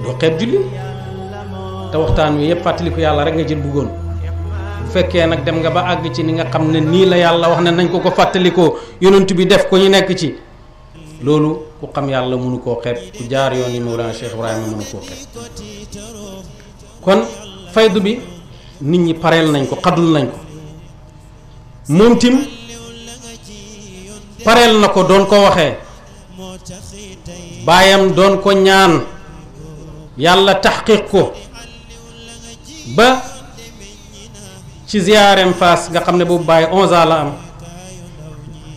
do xet julli ta waxtan wi fatali ko yalla rek nga jël bugon bu fekke nak dem nga ba ag ci ni nga xamne ni la yalla wax ne nañ ko ko ko yonent bi def ko ñu nekk ci lolu ku xam yalla mënu ko xet ku jaar yoni yi Cheikh ibrahim mënu ko xet kon faydu bi nit ñi parel nañ ko xadul nañ ko mom tim parel nako don ko waxe bayam don ko ñaan yàlla tax taxqiq ko ba ci ziyaareem Faas nga xam ne boobu Baye 11 ans la am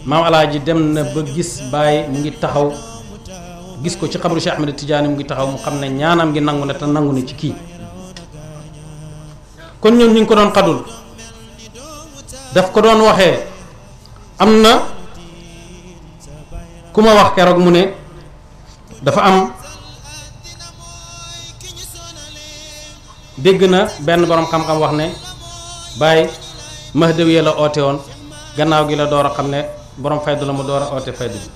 maam alaaji dem na ba gis Baye mu ngi taxaw gis ko ci xabru Cheikh Ahmed Tidiane mu ngi taxaw mu xam ne ñaanam ngi nangu na te nangu na ci kii kon ñoom ñu ngi ko doon xadul daf ko doon waxee am na ku ma wax keroog mu ne dafa am. dégg na benn borom xam-xam wax ne Baye Mahdawiya la oote woon gannaaw gi la door a xam ne borom faydu la mu door a oote faydu bi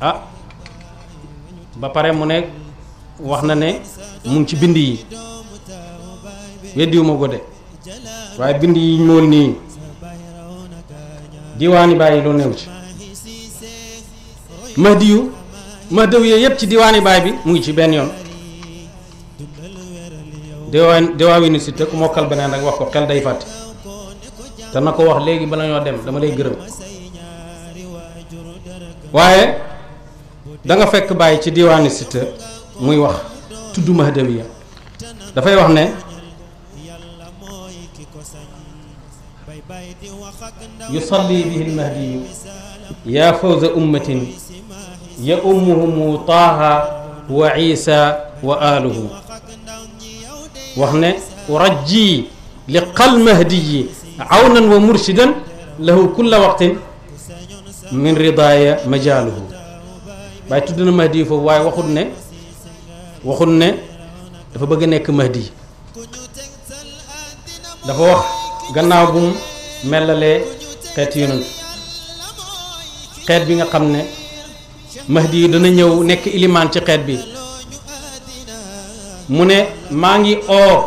ah ba pare mu ne wax na ne mu ngi ci bind yi weddiwuma ko waaye bind yi ñuul nii diwaani yi lu néew ci Mahdiyu Mahdawiya yëpp ci diwaani baay bi mu ngi ci benn yoon. diwaan dewaa wi si tëkk mokkal beneen rek wax ko xel day fàtte te na ko wax léegi bala ñoo dem dama lay gërëm waaye danga fekk bàyyi ci diwaani si muy wax tudd mahdawiya dafay wax ne yusalli bihi lmahdiyu yaa fawza ummatin ya ummuhumu taaha wa isa wa aluhu وهنا ورجي لقل مهدي عونا ومرشدا له كل وقت من رضاي مجاله باي تدنا مهدي فو واي واخدنا واخدنا دفا بغي نيك مهدي دفا واخ غناو بوم ملالي خيت يونس خيت بيغا خامني مهدي دنا نيو نيك اليمان سي خيت بي mune mangi maa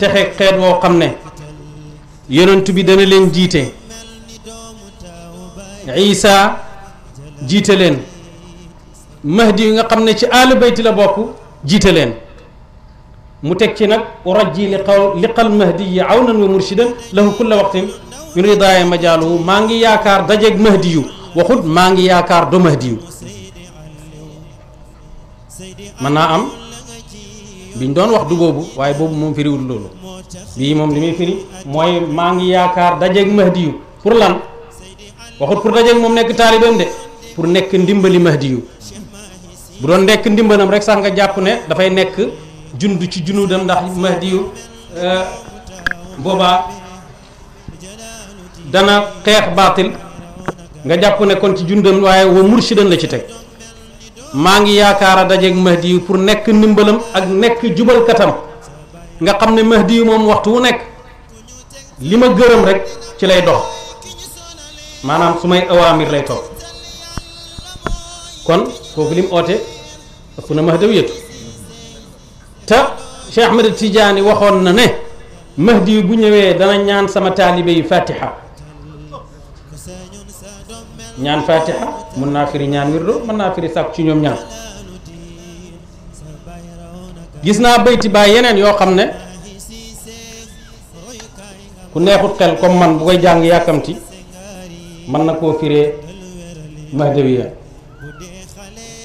texe xet wo xamne ne yonent bi dana len jité isa jité len mahdi nga xamne ci al bayt la bokku jité len mu tek ci nak urajji li qaw li qal mahdi auna wa murshidan lahu kull waqtin min ridaya majalu mangi yakar dajek mahdi yu waxut mangi yakar do mahdi yu mën naa am biñ doon wax du boobu waaye boobu moom firiwul loolu bii moom li muy firi mooy maa ngi yaakaar dajeeg mahdi yu pour lan waxut pour dajeeg moom nekk taalibeem de pour nekk ndimbali mahdi yu bu doon nekk ndimbalam rek sax nga jàpp ne dafay nekk jund ci junudam ndax mahdi yu euh, boobaa dana xeex baatil nga jàpp ne kon ci jundam waaye wa murshidan la ci teg maa ngi yaakaar a dajeeg mahdi yu pour nekk ndimbalam ak nekk jubalkatam nga xam ne mahdi yu moom waxtu wu nekk li ma gërëm rek ci lay dox maanaam su may awaamir lay toog kon kooku lim oote ëpp na mahdaw yëtu te Cheikh Ahmed Tidiane waxoon na ne mahdi yu bu ñëwee dana ñaan sama taalibe yi fatiha ñaan fatiha mën naa firi ñaan wirdo mën naa firi sàkku ci ñoom ñaan gis naa bayti baay yeneen yoo xam ne ku neexut xel comme man bu koy jàng yàkkamti mën na koo firee mahdawiya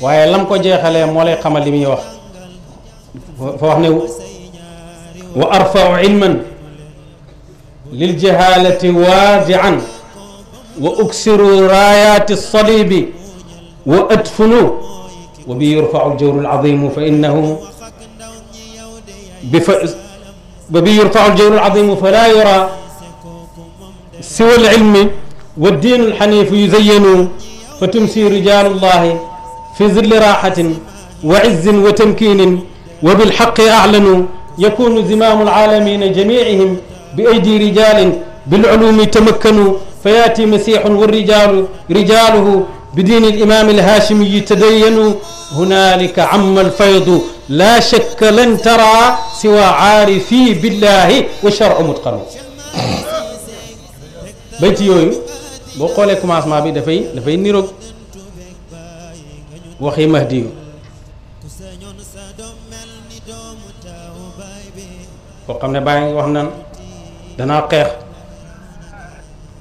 waaye lam ko jeexalee moo lay xamal li muy wax fa wax ne wa arfau ilman lil jahalati waadian وأكسروا رايات الصليب وأدفنوا وبي يرفع الجور العظيم فإنه بف... يرفع الجور العظيم فلا يرى سوى العلم والدين الحنيف يزين فتمسي رجال الله في ظل راحة وعز وتمكين وبالحق أعلنوا يكون زمام العالمين جميعهم بأيدي رجال بالعلوم تمكنوا فياتي مسيح والرجال رجاله بدين الامام الهاشمي تدين هنالك عم الفيض لا شك لن ترى سوى عارفي بالله وشرع متقن بيتي يوي بو خولي اسمع بي دا فاي دا فاي نيروك وخي مهدي وخامني باي واخ نان خيخ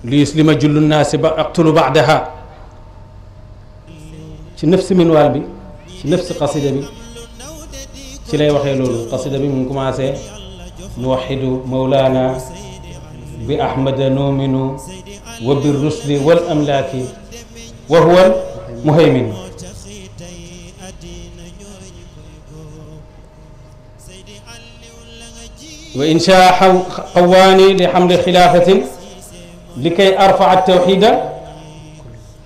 ليسلم جل الناس اقتلوا بعدها شي نفس من والبي شي نفس قصيده بي شي لاي وخي لولو قصيده بي من كوماسي نوحد مولانا باحمد نؤمن وبالرسل والاملاك وهو المهيمن وإن شاء قواني لحمل خلافة li kay arfaa tawxida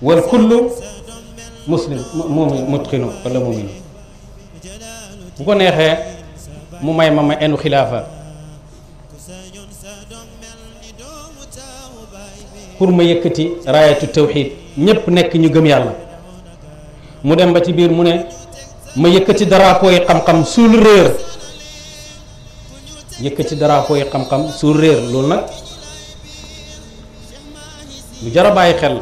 wal kullu muslim mumin mutqinu wala mumin bu ko neexee mu may ma ma enu xilaafa pour ma yëkkati raayatu tawxid ñépp nekk ñu gëm yàlla mu dem ba ci biir mu ne ma yëkkati drapeau yi xam-xam suul réer yëkkati drapeau yi xam-xam suul réer loolu nag lu jar a bàyyi xel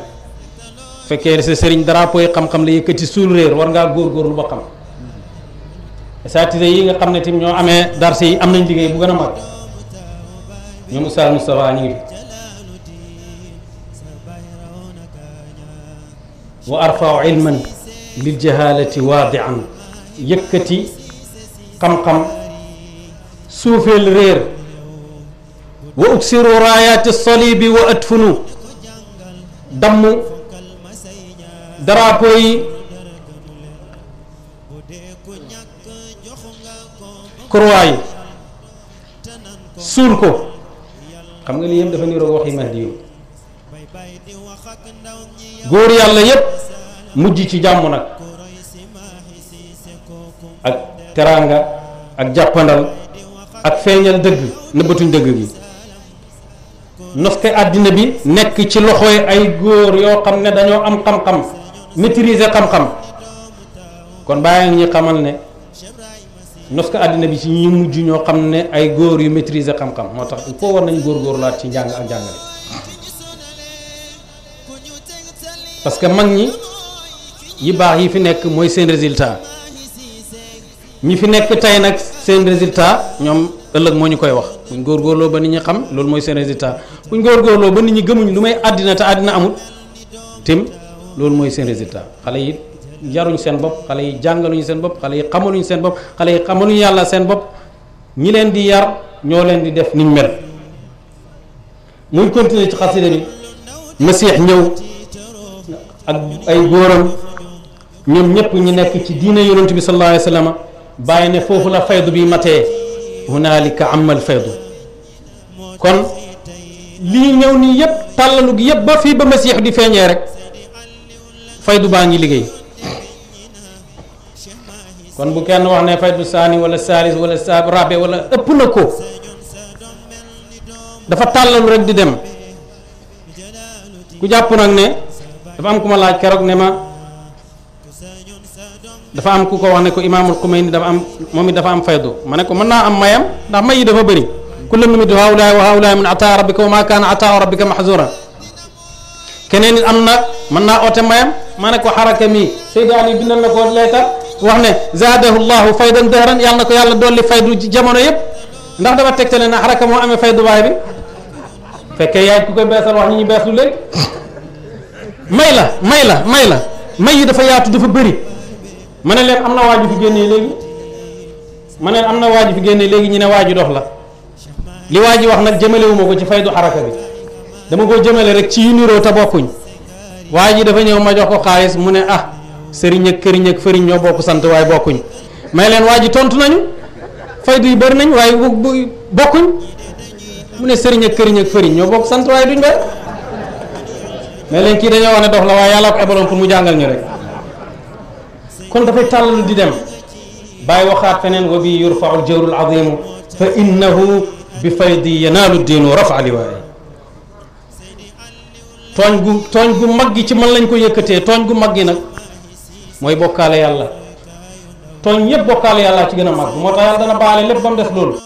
fekkee sa sëriñ drapeau yi xam-xam la yëkkati suul réer war ngaa góorgóorlu ba xam satise yi nga xam ne tim ñoo amee darse yi am nañ liggéey bu gën a mag ñoom Oustaz Moustapha ñu ngi fi wa arfau ilman lil jahalati waadian yëkkati xam-xam suufeel réer wa uksiru raayaati salibi wa adfunu damm drapeau yi croix suul ko xam nga lii yëpp dafa góor yàlla yëpp mujj ci jàmm nag ak teraanga ak jàppandal ak feeñal dëgg nëbbatuñ dëgg gi noste àddina bi nekk ci loxoy ay góor yoo xam ne dañoo am xam-xam maîtriser xam-xam kon bàyyi ñi xamal ne noska àddina bi ci ñi mujj ñoo xam ne ay góor yu maîtriser xam-xam moo tax il faut war góor góorgóorlaat ci njàng ak njàngale parce que mag ñi yi baax yi fi nekk mooy seen résultat ñi fi nekk tay nag seen résultat ñoom ëlëk moo ñu koy wax buñ lo ba nit ñi xam lool moy seen résultat buñ lo ba nit ñi gëmuñ lu may adina ta adina amul tim lool moy seen résultat xale yi yaruñ seen bop xale yi jàngaluñ seen bop xale yi xamaluñ seen bop xale yi xamaluñ yàlla seen bop ñi leen di yar ño leen di def niñ mel muy continuer ci xassida bi masiix ñëw ak ay góoram ñom ñëpp ñi nekk ci diina yaronte bi sallallahu alayhi wasallam sallam fofu la faydu bi matee hunaalika amal faydu kon lii ñëw nii yëpp tàllalu gi yëpp ba fii ba masiix di feeñee rek faydu baa ngi liggéey kon bu kenn wax ne faydu saani wala saalis wala saab rabe wala ëpp na ko dafa tàllalu rek di dem ku jàpp nag ne dafa am ku laaj keroog ne ma dafa am ku ko wax ne ko imaamul Xumayni dafa am moom it dafa am faydu ma ne ko mën naa am mayam ndax may dafa bëri kulla numiddu haulaay wa haulaay min ataa rabbika wa maa kaana ataa rabbika am na mën naa oote mayam ma ne ko xaraka mi Seydou Ali bindal na ko leetar wax ne zaadahu llahu faydan dahran yàlla na ko yàlla dolli faydu ci jamono yëpp ndax dafa tegtale na xaraka moo am faydu baay bi fekkee yaay ku koy beesal wax ñi ñu beeslu léegi may la may la may la may yi dafa yaatu dafa bëri ma ne leen am na waaju fi génnee léegi ma ne am na waaju fi génnee léegi ñu ne waaju dox la li waaju wax nag jëmalewuma ko ci faydu xaraka bi dama koo jëmale rek ci yu niroo te bokkuñ waa ji dafa ñëw ma jox ko xaalis mu ne ah sëriñ ak këriñ ak fëriñ ñoo bokk sant waaye bokkuñ may leen waa ji tontu nañu faydu yi bëri nañ waaye bokkuñ mu ne sëriñ ak këriñ ak fëriñ ñoo bokk sant waaye duñ ba may leen kii dañoo wax ne dox la waaye yàlla ko ebaloon pour mu jàngal ñu rek kon dafay tàllal di dem bàyyi waxaat feneen wa bi yurfaau ljawru alazimu fa innahu bi di yanaalu diinu rafa liwaayi tooñ gu tooñ gu mag gi ci man lañ ko yëkkatee tooñ gu mag gi nag mooy bokkaale yàlla tooñ yépp bokkaale yàlla ci gën a mag moo tax yàlla dana baale lépp ba mu des loolu